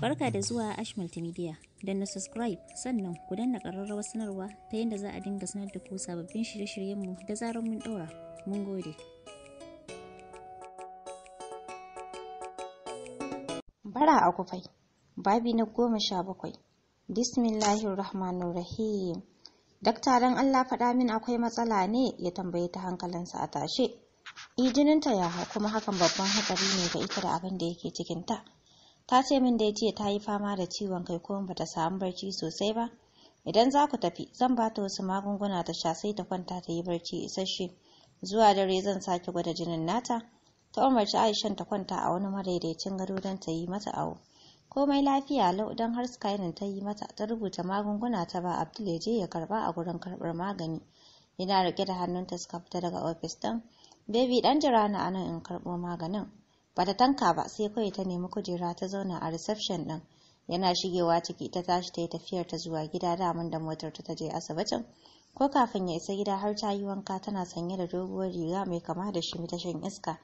Barka da zuwa Ash Multimedia. Don na subscribe sannan ku danna ƙararrawar sanarwa ta yadda za a dinga sanar da ku sababbin shirye-shiryenmu da zarar mun ɗora. Mun gode. Bara a kufai, babi na goma sha bakwai. Bismillahirrahmanirrahim. Dakta dan Allah faɗa min akwai matsala ne ya tambaye ta hankalinsa a tashe. Ijininta ya kuma hakan babban hatsari ne ga ita da abin da yake cikinta. ta. ta ce min da jiya ta yi fama da ciwon kai kuma bata samu barci sosai ba idan za ku tafi zan ba ta wasu magunguna ta sha sai ta kwanta ta yi barci isasshe zuwa dare zan sake gwada jinin nata ta umarci aishan ta kwanta a wani madaidaicin gado don ta yi mata awo komai lafiya lau don har skyrim ta yi mata ta rubuta magunguna ta ba abdul ya je ya karba a gurin karbar magani yana rike da hannunta suka fita daga ofis ɗin. baby ɗan jira na anan in karɓo maganin ba ta tanka ba sai kawai ta nemi kujera ta zauna a reception ɗin yana shigewa ciki ta tashi ta yi tafiyar ta zuwa gida daman da motar ta je asibitin ko kafin ya isa gida har ta yi wanka tana sanye da doguwar riga mai kama da shi ta shan iska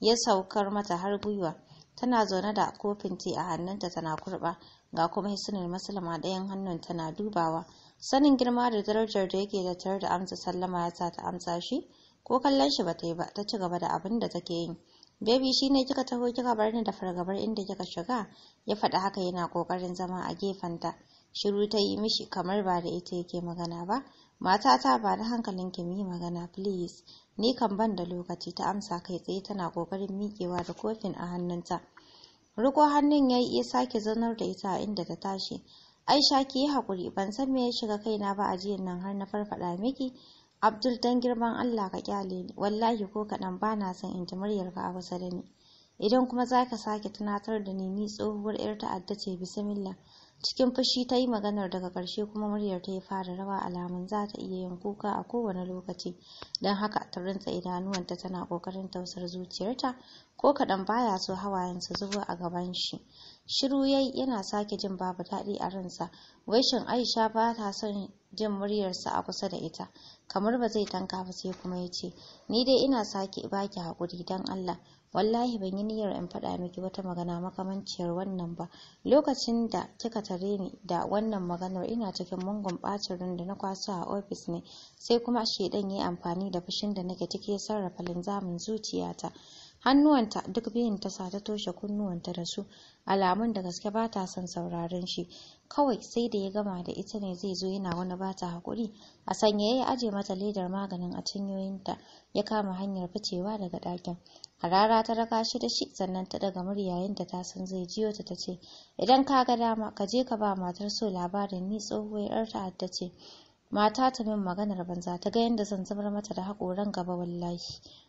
ya saukar mata har gwiwa tana zaune da kofin ti a hannunta tana kurba ga kuma hisunar maslama ɗayan hannun tana dubawa sanin girma da darajar da yake tare da amsa sallama ya sa ta amsa shi ko kallon shi ba ta yi ba ta ci gaba da abin da take yi Baby shine kika taho kika bar ni da fargabar inda kika shiga, ya faɗi haka yana kokarin zama a gefenta. Shiru ta yi mishi kamar ba da ita yake magana ba. Matata ba da hankalin ki yi magana please. Ni kan ban da lokaci ta amsa kai tsaye tana kokarin miƙewa da kofin a hannunta. Riko hannun ya yi sake zanar da ita inda ta tashi. Aisha ki yi hakuri, ban san me ya shiga kaina ba a jiyan nan har na farfaɗa miki Abdul dan girman Allah ka kyale ni wallahi ko kaɗan ba na son in ji muryarka a kusa da ni idan kuma za ka sake tunatar da ni ni tsohuwar yar ta'adda ce bismillah cikin fushi ta yi maganar daga ƙarshe kuma muryar ta yi fara rawa alamun za ta iya yin kuka a kowane lokaci don haka ta rintsa idanuwanta tana ƙoƙarin tausar zuciyarta ko kaɗan baya so hawayen su zuba a gaban shi shiru yayi yana sake jin babu daɗi a ransa wai shin aisha ba ta son jin muryarsa a kusa da ita kamar ba zai tanka ba sai kuma ya ce ni dai ina sake baki haƙuri don allah wallahi ban yi niyyar in faɗa miki wata magana makamanciyar wannan ba lokacin da kika tare ni da wannan maganar ina cikin mungun ɓacin ran da na kwaso a ofis ne sai kuma shedan ya yi amfani da fushin da nake cike sarrafa linzamin zuciyata hannuwanta duk biyun ta sa ta toshe kunnuwanta da su alamun da gaske ba ta son sauraron shi kawai sai da ya gama da ita ne zai zo yana wani ba ta hakuri a sanya ya aje mata ledar maganin a cinyoyinta ya kama hanyar ficewa daga ɗakin a rara ta raka shi da shi sannan ta daga murya yadda ta san zai jiyo ta ta ce idan ka ga dama ka je ka ba matar so labarin ni tsohuwar yar ta'adda ce mata ta min maganar banza ta ga yadda zan zamar mata da haƙoran gaba wallahi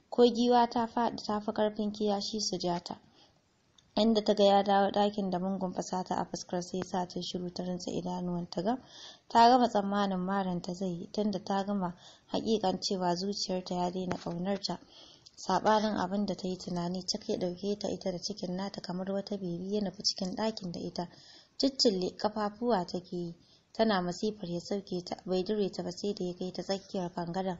ko giwa ta faɗi ta fi ƙarfin kiyashi su jata. inda ta ga ya dawo ɗakin da mungun fasata a fuskar sai sa ta shiru ta rinsa idanuwan ta ga ta gama tsammanin maranta ta zai yi tunda ta gama hakikan cewa zuciyarta ya daina ƙaunar ta sabanin abin da ta yi tunani cik ya ɗauke ta ita da cikin nata kamar wata bebi ya nufi cikin ɗakin da ita ciccille kafafuwa take yi tana masifar ya sauke ta bai dire ta ba sai da ya kai ta tsakiyar kangaren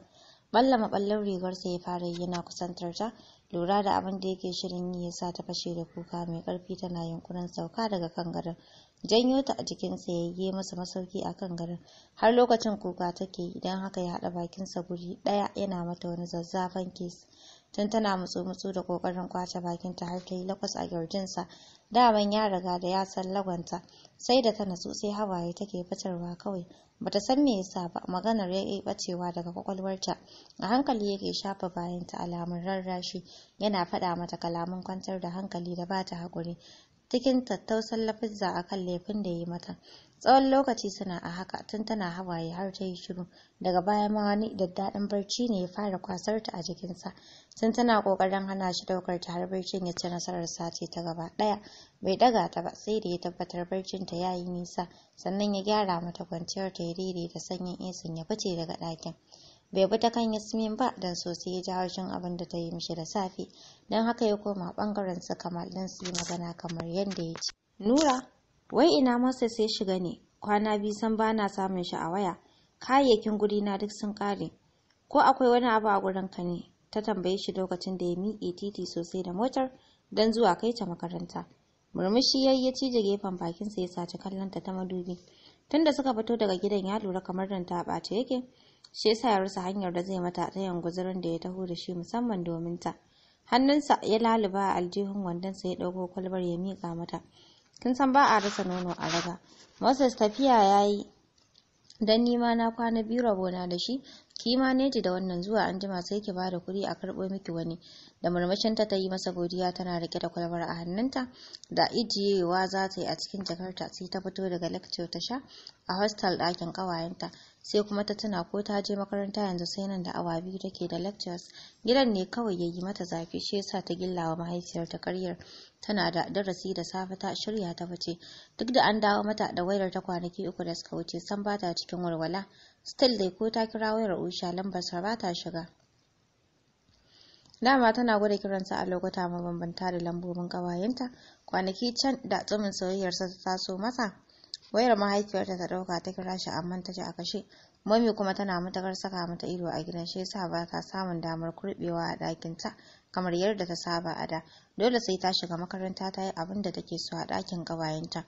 balla rigar rigarsa ya fara yi yana kusantar ta lura da abin da yake shirin yi sa ta fashe da kuka mai karfi tana yunkurin sauka daga kan garin janyo ta a jikin tsayayye masa masauki a kan garin har lokacin kuka take idan haka ya haɗa bakinsa guri ɗaya yana mata wani zazzafan kes tun tana mutsu-mutsu da kokarin kwace bakinta har ta yi lakwas a girjinsa daman ya riga da ya san lagwanta sai da ta natsu sai hawaye take fitarwa kawai bata san me yasa ba maganar ya yi bacewa daga kwakwalwarta a hankali yake shafa bayanta alamun rarrashi yana faɗa mata kalamun kwantar da hankali da bata hakuri cikin tattausan lafizza kan laifin da ya yi mata Tsawon lokaci suna a haka tun tana hawaye har ta yi shiru, daga baya ma wani daddaɗin barci ne ya fara kwasar ta a jikinsa. Tun tana ƙoƙarin hana shi ɗaukar ta har barcin ya ci nasarar sace ta gaba ɗaya. Bai ɗaga ta ba sai da ya tabbatar barcin ta ya yi nisa, sannan ya gyara mata kwanciyar ta ya daidaita sanyin esin ya fice daga ɗakin. bai bi ta kan Yasmin ba dan sosai ya ji haushin abin da ta yi mishi da safe, don haka ya koma ɓangaren su kamar don su yi magana kamar yadda ya ce. Nura wai ina masa sai shiga ne kwana biyu san ba na samun shi a waya kayayyakin guri na duk sun kare ko akwai wani abu a gurin ka ne ta tambaye shi lokacin da ya miƙe titi sosai da motar don zuwa kai ta makaranta murmushi ya yi ya cije gefen bakinsa ya saci kallon ta ta madubi tunda suka fito daga gidan ya lura kamar nan ta ɓace yake shi yasa ya rasa hanyar da zai mata ta tayan guzurin da ya taho da shi musamman domin ta hannunsa ya laluba a aljihun wandonsa ya ɗauko kwalbar ya miƙa mata kin san ba a rasa nono a raga moses tafiya ya yi don nima na kwana biyu rabona da shi ki neji da wannan zuwa an jima sai ki bada kuɗi a karɓo miki wani da murmushin ta ta yi masa godiya tana rike da kwalbar a hannunta da ijiyewa za ta yi a cikin jakarta sai ta fito daga lecture ta sha a hostel ɗakin ƙawayenta sai kuma ta tuna ko ta je makaranta yanzu sai nan da awa biyu take da lectures gidan ne kawai ya yi mata zafi shi yasa ta gillawa mahaifiyar ta karyar tana da darasi da safe ta shirya ta fice duk da an dawo mata da wayar ta kwanaki uku da suka wuce san ta cikin walwala still dai ko ta kira wayar usha lambar sa ta shiga dama tana gwada kiransa a lokuta mabambanta da lambobin kawayenta kwanaki can da tsumin soyayyarsa ta taso masa wayar mahaifiyarta ta dauka ta kira shi amma ta ji a kashe mami kuma tana matakar saka mata ido a gidan shi yasa ba ta samun damar kurbewa a ɗakin ta kamar yadda ta saba a da dole sai ta shiga makaranta ta yi abin da take so a ɗakin ƙawayenta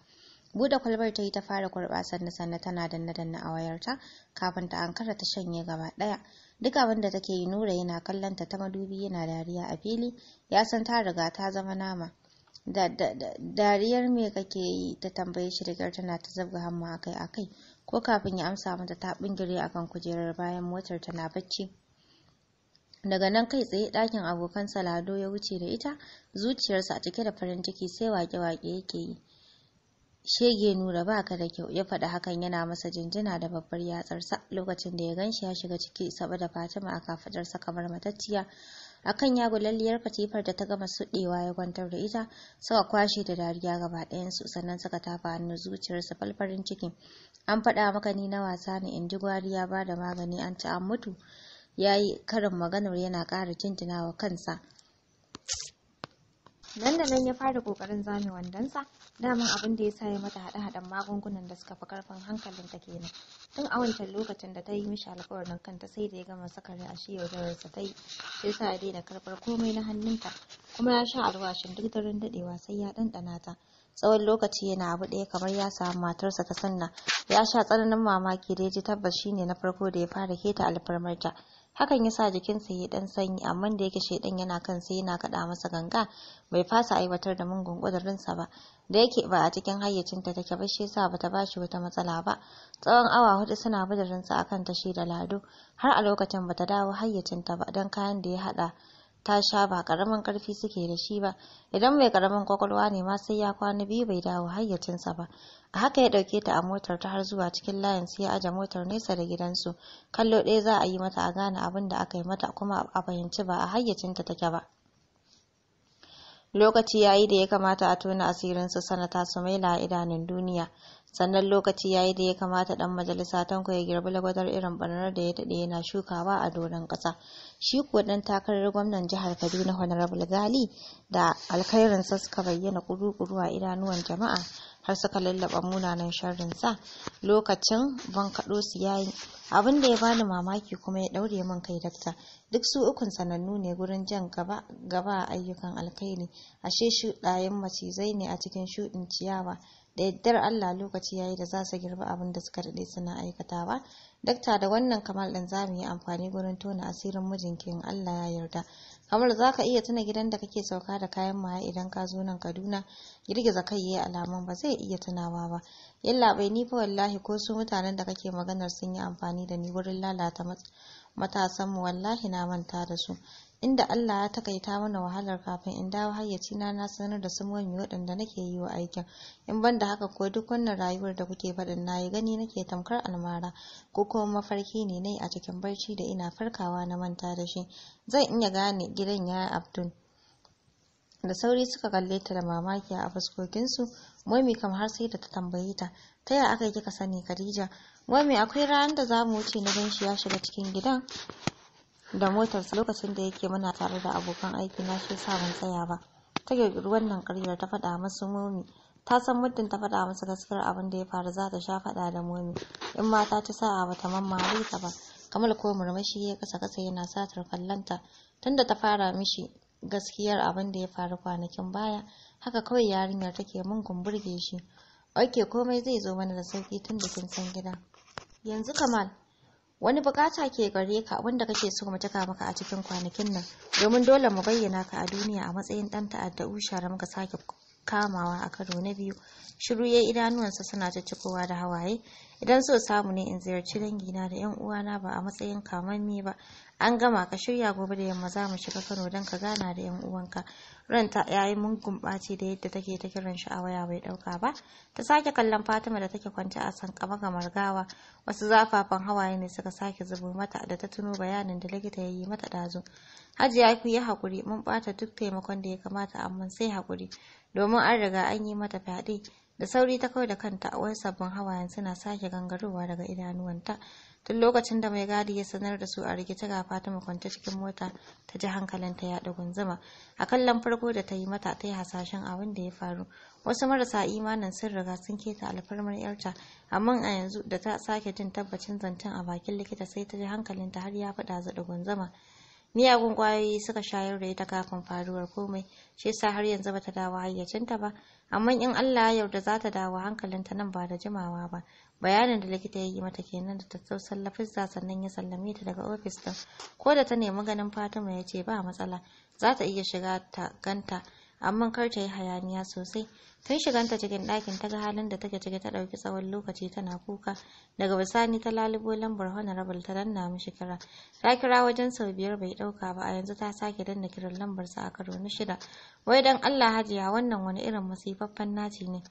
buɗe kwalbar ta yi ta fara kurɓa sannan sannan tana danna danna a wayarta kafin ta ankara ta shanye gaba ɗaya duk abin da take yi nura yana kallon ta ta madubi yana dariya a fili ya san ta riga ta zama nama dariyar me kake yi ta tambaye shi rigar tana ta zabga hannu akai akai ko kafin ya amsa mata ta bingire akan kujerar bayan motar tana bacci daga nan kai tsaye ɗakin abokan salado ya wuce da ita zuciyarsa a cike da farin ciki sai wake-wake yake yi shege nura baka da kyau ya faɗi hakan yana masa jinjina da babbar yatsarsa lokacin da ya ganshi ya shiga ciki saboda fatima a kafadarsa kamar matacciya akan ya lalliyar katifar da ta gama suɗewa ya kwantar da ita suka kwashe da dariya gaba ɗayansu sannan suka tafa hannu zuciyarsa falfarin ciki an faɗa maka ni na wasa ne in ji gwari ya ba da magani an ci an mutu ya yi karin maganar yana ƙara tintinawa kansa nan da nan ya fara kokarin zame wandonsa daman abin da ya sa ya mata haɗe-haɗen magungunan da suka fi karfin hankalin ta kenan tun a wancan lokacin da ta yi mishi alkawarin kanta sai da ya gama sakari a shi sa ta yi sai sa ya daina karɓar komai na hannunta kuma ya sha alwashin duk daren daɗewa sai ya ɗanɗana ta tsawon lokaci yana abu ɗaya kamar ya samu matarsa ta sanna ya sha tsananin mamaki da ya ji tabbas shine na farko da ya fara keta alfarmarta hakan ya sa jikinsa ya dan sanyi amma da yake shedan yana kan sai yana kaɗa masa ganga bai fasa aiwatar da mungun sa ba da yake ba a cikin hayyacinta take ba shi yasa bata bashi wata matsala ba tsawon awa hudu suna budurinsa akan tashi da lado har a lokacin bata dawo hayyacinta ba don kayan da ya haɗa. ta sha ba karamin karfi suke da shi ba idan mai karamin kwakwalwa ne ma sai ya kwana biyu bai dawo hayyacinsa ba a haka ya dauke ta a motar ta har zuwa cikin layin sai ya aje motar nesa da gidansu kallo ɗaya za a yi mata a gane abin da aka yi mata kuma a fahimci ba a hayyacinta take ba lokaci yayi da ya kamata a tona asirin su sanata sumaila a idanun duniya sannan lokaci yayi da ya kamata dan majalisa tanko ya girbi lagwadar irin barnar da ya dade yana shukawa a doron kasa shi kuwa dan takarar gwamnan jihar Kaduna Honorable Gali da alkhairin sa suka bayyana kuru-kuru a idanuwan jama'a har suka lallaba munanan sharrin sa lokacin ban kado su yayi abin da ya bani mamaki kuma ya daure min kai dakta duk su ukun sanannu ne gurin jan gaba gaba ayyukan alkhairi ashe shuɗayen macizai ne a cikin shuɗin ciyawa da yaddar Allah lokaci yayi da za su girbi abin da suka daɗe suna aikatawa dakta da wannan kamal ɗin za mu yi amfani gurin tona asirin mijinki in Allah ya yarda kamar za ka iya tuna gidan da kake sauka da kayan maye idan ka zo nan Kaduna girgiza kai yayi alaman ba zai iya tunawa ba yalla bai ni fa wallahi ko su mutanen da kake maganar sun yi amfani da ni wurin lalata matasan mu wallahi na manta da su inda Allah ya takaita mana wahalar kafin in dawo hayyaci na na sanar da sumomi waɗanda nake yi wa aikin in ban da haka ko duk wannan rayuwar da kuke faɗin na yi gani nake tamkar almara ko kuma mafarki ne nayi a cikin barci da ina farkawa na manta da shi zan iya gane gidan ya abdul da sauri suka kalle ta da mamaki a fuskokinsu momi kam har sai da ta tambaye ta ta yaya aka kika sani khadija momi akwai ranar da za mu wuce na ganshi ya shiga cikin gidan da motarsa lokacin da yake muna tare da abokan aiki na shi sa ban tsaya ba ta girgiri wannan karyar ta faɗa masa momi ta san muddin ta faɗa masa gaskiyar abin da ya faru za ta sha faɗa da momi in ma ta ci sa'a ba ta mammare ta ba kamal ko murmushi ya kasa kasa yana satar kallanta tunda ta fara mishi gaskiyar abin da ya faru kwanakin baya haka kawai yarinyar take mun gumburge shi oke komai zai zo mana da sauki tun da kin san gida. yanzu kamal wani bukata ke gare ka wanda kake so mu taka maka a cikin kwanakin nan domin dole mu bayyana ka a duniya a matsayin dan ta'adda ushara muka sake kamawa a karo na biyu shiru ya idanuwansa suna ta cikowa da hawaye idan so samu ne in ziyarci dangina da yan uwana ba a matsayin kamammi ba an gama ka shirya gobe da yamma za mu shiga kano don ka gana da yan uwanka ranta ya yi min gumbaci da yadda take ta kiran shi a waya bai ɗauka ba ta sake kallon fatima da take kwance a san kama gawa wasu zafafan hawaye ne suka sake zubo mata da ta tuno bayanin da likita ya yi mata dazu hajiya ku yi hakuri mun bata duk taimakon da ya kamata amma sai hakuri domin an riga an yi mata fyaɗe da sauri ta kawai da kanta wai sabbin hawayen suna sake gangarowa daga idanuwanta tun lokacin da mai gadi ya sanar da su a rikice ga fatima kwance cikin mota ta ji hankalinta ya gunzuma a kallon farko da ta yi mata ta yi hasashen abin da ya faru wasu marasa imanin sun riga sun keta alfarmar yarta amma a yanzu da ta sake jin tabbacin zancen a bakin likita sai ta ji hankalinta har ya faɗa zaɗa gunzuma miyagun kwayoyi suka shayar da ita kafin faruwar komai shi yasa har yanzu bata dawo hayyacinta ba amma in Allah ya yarda za ta dawo hankalinta nan ba da jimawa ba bayanin da likita ya yi mata kenan da tattausan lafizza sannan ya sallame ta daga ofis ɗin ko da ta nemi ganin Fatima ya ce ba matsala za ta iya shiga ta ganta amma kar ta yi hayaniya sosai tun shiganta cikin ɗakin ta ga halin da take ciki ta ɗauki tsawon lokaci tana kuka daga bisani ta lalubo lambar honorable ta danna mishi kira ta kira wajen sau biyar bai ɗauka ba a yanzu ta sake danna kiran lambarsa a karo na shida wai dan allah hajiya wannan wani irin masifaffen naci ne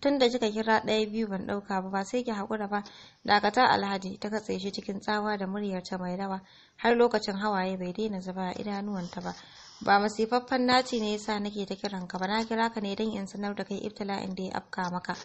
tun da kika kira ɗaya biyu ban ɗauka ba ba sai ki haƙura ba dakatar alhaji ta katse shi cikin tsawa da muryarta mai rawa har lokacin hawaye bai daina zuba a idanuwanta ba ba masifaffen naci ne yasa nake ta kiran ka ba na kira ka ne don in sanar da kai ibtila'in da ya afka maka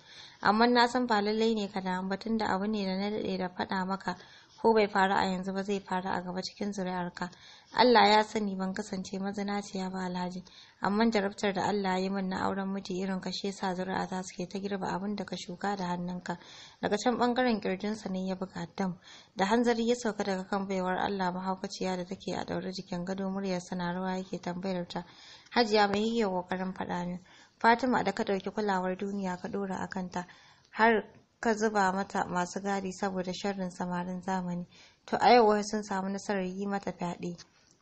amma na san ba lallai ne ka damu ba da abu ne da na daɗe da faɗa maka ko bai faru a yanzu ba zai faru a gaba cikin zuri'arka Allah ya sani ban kasance mazinaciya ba alhaji amma jarabtar da Allah ya yi min na auren miji irin ka sa yasa zuri'ata suke ta girba abin da ka shuka da hannunka daga can bangaren kirjinsa ne ya buga dam da hanzari ya sauka daga kan baiwar Allah mahaukaciya da take a daure jikin gado muryar na rawa yake tambayar ta hajiya mai yi kokarin faɗa min Fatima da ka ɗauki kulawar duniya ka ɗora a kanta har ka zuba mata masu gadi saboda sharrin samarin zamani to a yau sun samu nasarar yi mata fyaɗe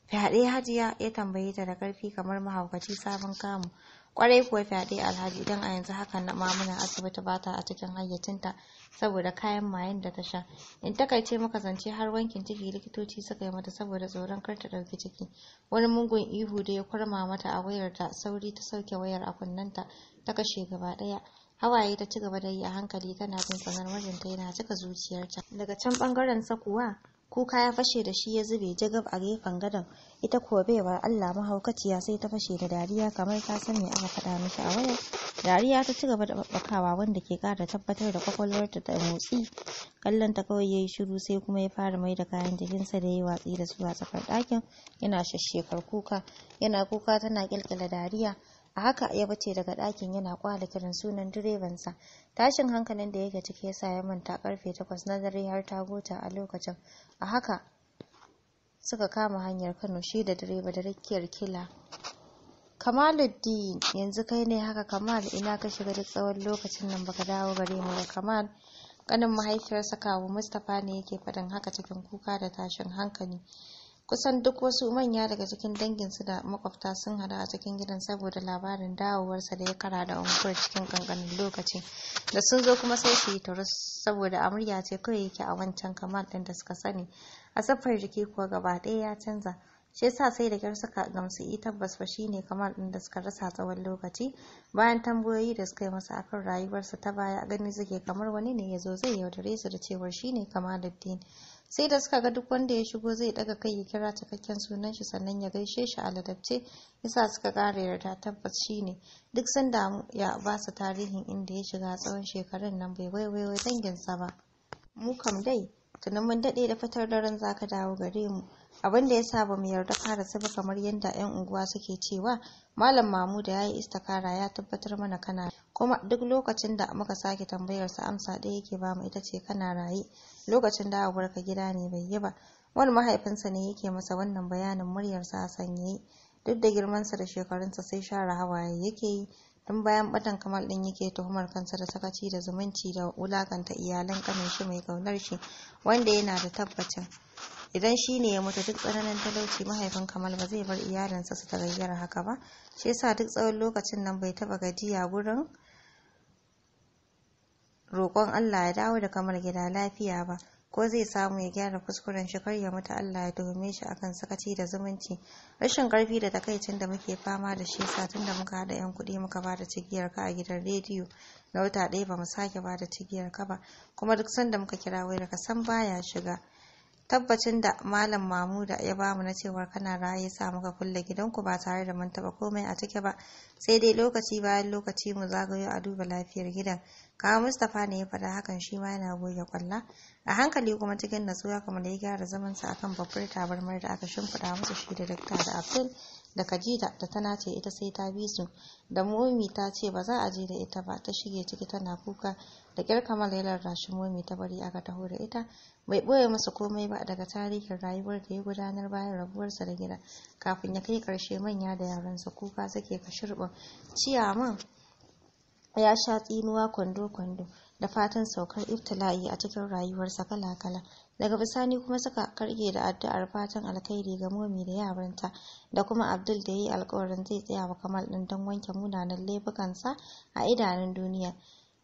fyaɗe Hajiya ya tambaye ta da ƙarfi kamar mahaukaci sabon kamu Ƙwarai kuwa fyaɗe alhaji idan a yanzu hakan na mamuna asibiti ba ta a cikin hayyacinta saboda kayan mayen da ta sha in takaice maka zance har wankin ciki likitoci suka yi mata saboda tsoron kar ta ɗauki ciki wani mugun ihu da ya kurma mata a wayarta sauri ta sauke wayar a kunnenta ta kashe gaba ɗaya hawaye ta ci gaba da yi a hankali tana jin tsanar mijinta yana cika zuciyarta daga can ɓangaren sa kuwa kuka ya fashe da shi ya zube jagab a gefen gadon ita kuwa baiwar Allah mahaukaciya sai ta fashe da dariya kamar ta san me aka faɗa mishi a wayar dariya ta ci gaba da babbakawa wanda ke ƙara tabbatar da kwakwalwarta ta motsi kallon ta kawai yayi shiru sai kuma ya fara mai da kayan jikinsa da yayi watsi da su a tsakar ɗakin yana shashshekar kuka yana kuka tana kilkila dariya a haka ya bace daga ɗakin yana kwala kiran sunan direbansa tashin hankalin da yake ciki yasa ya manta karfe 8 na dare har ta gota a lokacin a haka suka kama hanyar kano shi da direba da rikiyar kila kamaluddin yanzu kai ne haka kamal ina ka shiga duk tsawon lokacin nan baka dawo gare mu ba kamal kanin mahaifiyarsa kawo mustapha ne yake faɗin haka cikin kuka da tashin hankali Kusan duk wasu manya daga cikin dangin su da makwabta sun hadu a cikin gidan saboda labarin dawowarsa da ya kara da unguwar cikin kankanin lokaci. Da sun zo kuma sai su yi turus saboda a ce kawai yake a wancan kamar ɗin da suka sani. A siffar jiki kuwa gaba ɗaya ya canza. Shi yasa sai da kyar suka gamsu yi eh, tabbas fa shine kamar ɗin da suka rasa tsawon lokaci. Bayan tambayoyi da suka yi masa akan rayuwarsa ta baya gani suke kamar wani ne ya zo zai yaudare su da cewar shine Kamaluddin. sai da suka ga duk wanda ya shigo zai daga kai ya kira cikakken sunan shi sannan ya gaishe shi a ladabce yasa suka kara yarda tabbas shine duk sun damu ya ba su tarihin inda ya shiga tsawon shekarun nan bai waiwaiwai danginsa ba mu kam dai tunan mun daɗe da fitar daren ka dawo gare mu abin da yasa ba mu yarda fara ba kamar yadda 'yan unguwa suke cewa malam mamu da yayi istakara ya tabbatar mana kana kuma duk lokacin da muka sake tambayar tambayarsa amsa ɗaya yake bamu ita ce kana raye lokacin da ka gida ne bai yi ba wani mahaifinsa ne yake masa wannan bayanin muryarsa a sanye duk da girmansa da shekarunsa sai share hawaye yake yi tun bayan batan kamar din yake tuhumar kansa da sakaci da zumunci da wulakanta iyalan kanin shi mai kaunar shi wanda yana da tabbacin idan shi ne ya mutu duk tsananin talauci mahaifin kamal ba zai bar iyalinsa su tagayyara haka ba shi yasa duk tsawon lokacin nan bai taba gajiya gurin roƙon Allah ya dawo da kamar gida lafiya ba ko zai samu ya gyara kuskuren shi kar ya mutu Allah ya dome shi akan sakaci da zumunci rashin karfi da takaicin da muke fama da shi yasa da muka haɗa yan kuɗi muka ba da cigiyar ka a gidan rediyo na wata ɗaya ba mu sake ba da cigiyar ka ba kuma duk sanda muka kira wai daga san baya shiga Tabbacin da Malam Mamuda ya bamu na cewar kana raye ya sa muka kulle gidanku ba tare da mun taba komai a ciki ba, sai dai lokaci bayan lokaci mu zagayo a duba lafiyar gidan. Kawo Mustapha ne ya faɗa hakan shi ma yana goge kwalla. A hankali kuma cikin natsuwa kamar da ya gyara zamansa akan babbar tabarmar da aka shimfiɗa musu shi da dakta da Abdul da Khadija da tana ce ita sai ta bi su da Momi ta ce ba za a je da ita ba ta shige ciki tana kuka da kyar kamar ya rashin Momi ta bari aka taho da ita bai ɓoye masa komai ba daga tarihin rayuwar da ya gudanar bayan rabuwarsa da gida kafin ya kai karshe manya da yaransa kuka suke kashirbin umm. ciyaman ya sha tsinuwa kwando-kwando da fatan saukar iftila'i a cikin rayuwarsa kala-kala daga bisani kuma suka karge da addu'ar fatan alkhairi ga momi da yaranta da kuma abdul da ya yi alkawarin zai tsaya wa kamal ɗin don wanke munanan laifukansa a idanun duniya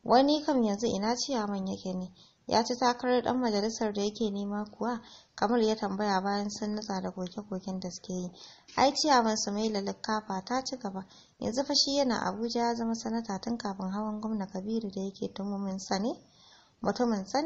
wani kam yanzu ina ciyaman yake ne Ya ci takarar ɗan majalisar da yake nema kuwa? Kamar ya tambaya bayan sun nutsa da koke-koken da suke yi. Ai su Sumaila Likkafa ta ci gaba. Yanzu fa shi yana Abuja ya zama sanata tun kafin hawan gwamna Kabiru da yake tumumin sa Mutumin sa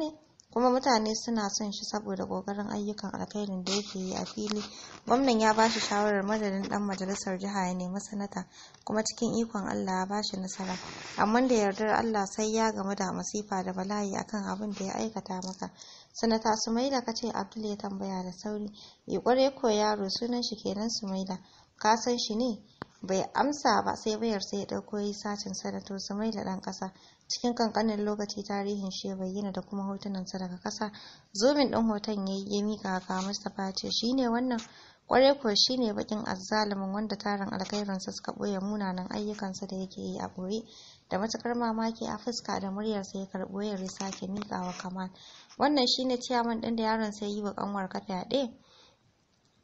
kuma mutane suna son shi saboda kokarin ayyukan alkhairin da yake yi a fili gwamnan ya bashi shawarar madadin dan majalisar jiha ya nemi sanata kuma cikin ikon Allah ya bashi nasara amma da yardar Allah sai ya gamu da masifa da bala'i akan abin da ya aikata maka sanata Sumaila ce Abdul ya tambaya da sauri ya kware ko yaro sunan shi kenan Sumaila ka san shi ne bai amsa ba sai bayar sai ya dauko yi sacin sanato Sumaila dan ƙasa. cikin kankanin lokaci tarihin shi ya bayyana da kuma hotunansa daga ƙasa zomin ɗin hoton ya yi ya mika ga mustapha ya ce shine wannan kwarai kuwa shine bakin azzalumin wanda tarin alkhairinsa suka ɓoye munanan ayyukansa da yake yi a ɓoye da matukar mamaki a fuska da muryarsa ya karɓo ya ke mika wa kamal wannan shine ciyaman ɗin da yaron sai yi wa kanwar ka fyaɗe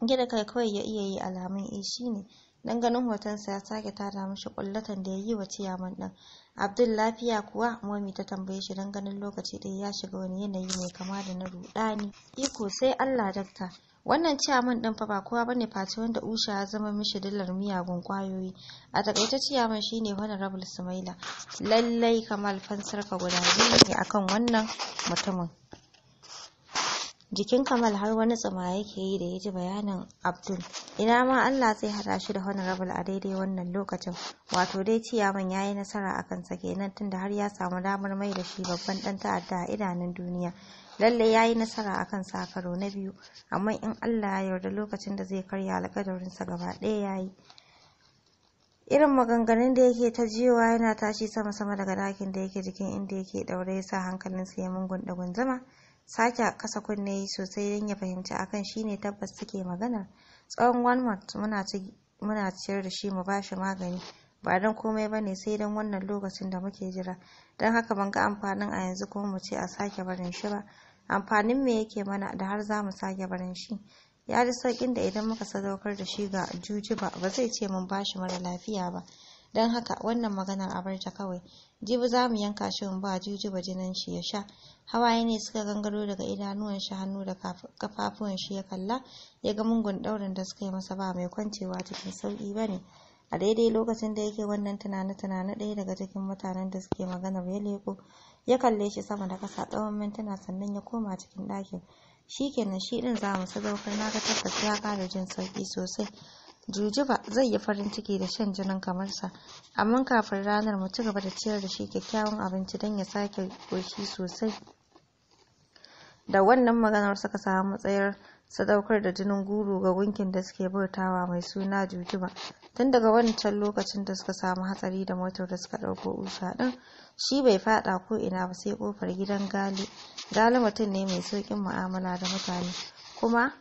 gida kai kawai ya iya yi alamun e eh, shine Dan ganin hotonsa ya sake tada mashi kullatan da ya yi wa ciyaman ɗin abdul lafiya kuwa momi ta tambaye shi dan ganin lokaci ɗaya ya shiga wani yanayi mai kama da na rudani iko sai allah dakta wannan ciyaman ɗin fa ba kowa bane face wanda usha ya zama mishi dillar miyagun kwayoyi a takaice ciyaman shine rabul sumaila lallai kamal fansarka guda biyu ne akan wannan mutumin jikin kamal har wani tsuma yake yi da ya ji bayanin abdul ina ma allah zai hada shi da honorable a daidai wannan lokacin wato dai ciyaman ya yi nasara a kansa kenan tunda har ya samu damar mai da shi babban dan ta'adda a idanun duniya lalle ya yi nasara a kansa a karo na biyu amma in allah ya yarda lokacin da zai karya alkadarinsa gaba ɗaya ya yi irin maganganun da yake ta jiwa yana tashi sama-sama daga dakin da yake jikin inda yake daure ya sa hankalinsa ya mungun da gunzama sake kasa kunne yi sosai don ya fahimci akan shi ne tabbas suke magana tsawon one month muna ciyar da shi mu bashi magani ba don komai ba ne sai don wannan lokacin da muke jira don haka ban ga amfanin a yanzu kuma mu ce a sake barin shi ba amfanin me yake mana da har za mu sake barin shi ya ji sauƙin da idan muka sadaukar da shi ga juji ba zai ce mun bashi mara lafiya ba don haka wannan maganar a bar ta kawai jibi za mu yanka shi in ba jujuba jinin shi ya sha hawaye ne suka gangaro daga idanuwan shi hannu da kafafuwan shi ya kalla ya ga mungun daurin da suka yi masa ba mai kwancewa cikin sauki ba ne a daidai lokacin da yake wannan tunane tunani ɗaya daga cikin mutanen da suke maganar ya leko ya kalle shi sama da ƙasa tsawon mintuna sannan ya koma cikin ɗakin shikenan shi ɗin za mu sadaukar na ga tabbas ya ƙara jin sauki sosai jujuba zai yi farin ciki da shan jinin kamar sa amma kafin ranar mu ci gaba da ciyar da shi kyakkyawan abinci don ya sake ƙoshi sosai da wannan maganar suka samu matsayar sadaukar da jinin guru ga gunkin da suke bautawa mai suna jujuba tun daga wancan lokacin da suka samu hatsari da motar da suka ɗauko usha ɗin shi bai fada ko ina ba sai kofar gidan gali gali mutum ne mai sauƙin mu'amala da mutane kuma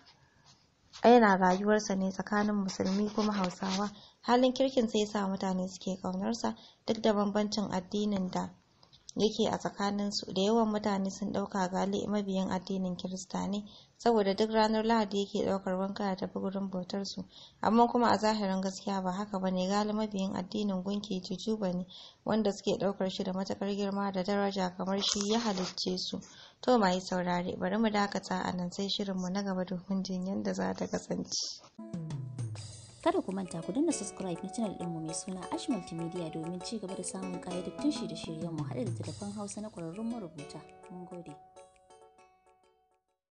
yana rayuwarsa ne tsakanin musulmi kuma hausawa halin kirkin sai sa mutane suke ƙaunarsa duk da bambancin addinin da yake a tsakaninsu da yawan mutane sun ɗauka gali mabiyan addinin kirista ne saboda duk ranar lahadi yake ɗaukar wanka ya tafi gurin bautarsu amma kuma a zahirin gaskiya ba haka ba ne gali mabiyan addinin gunki ba ne wanda suke ɗaukar shi da matakar girma da daraja kamar shi ya halicce su to mai saurare bari mu dakata a nan sai shirinmu na gaba domin jin yadda za ta kasance. Kada ku manta ku danna subscribe na channel ɗinmu mai suna Ash Multimedia domin ci gaba da samun ƙayyadattun shirye-shiryenmu haɗa da telefon Hausa na ƙwararrun marubuta. Mun gode.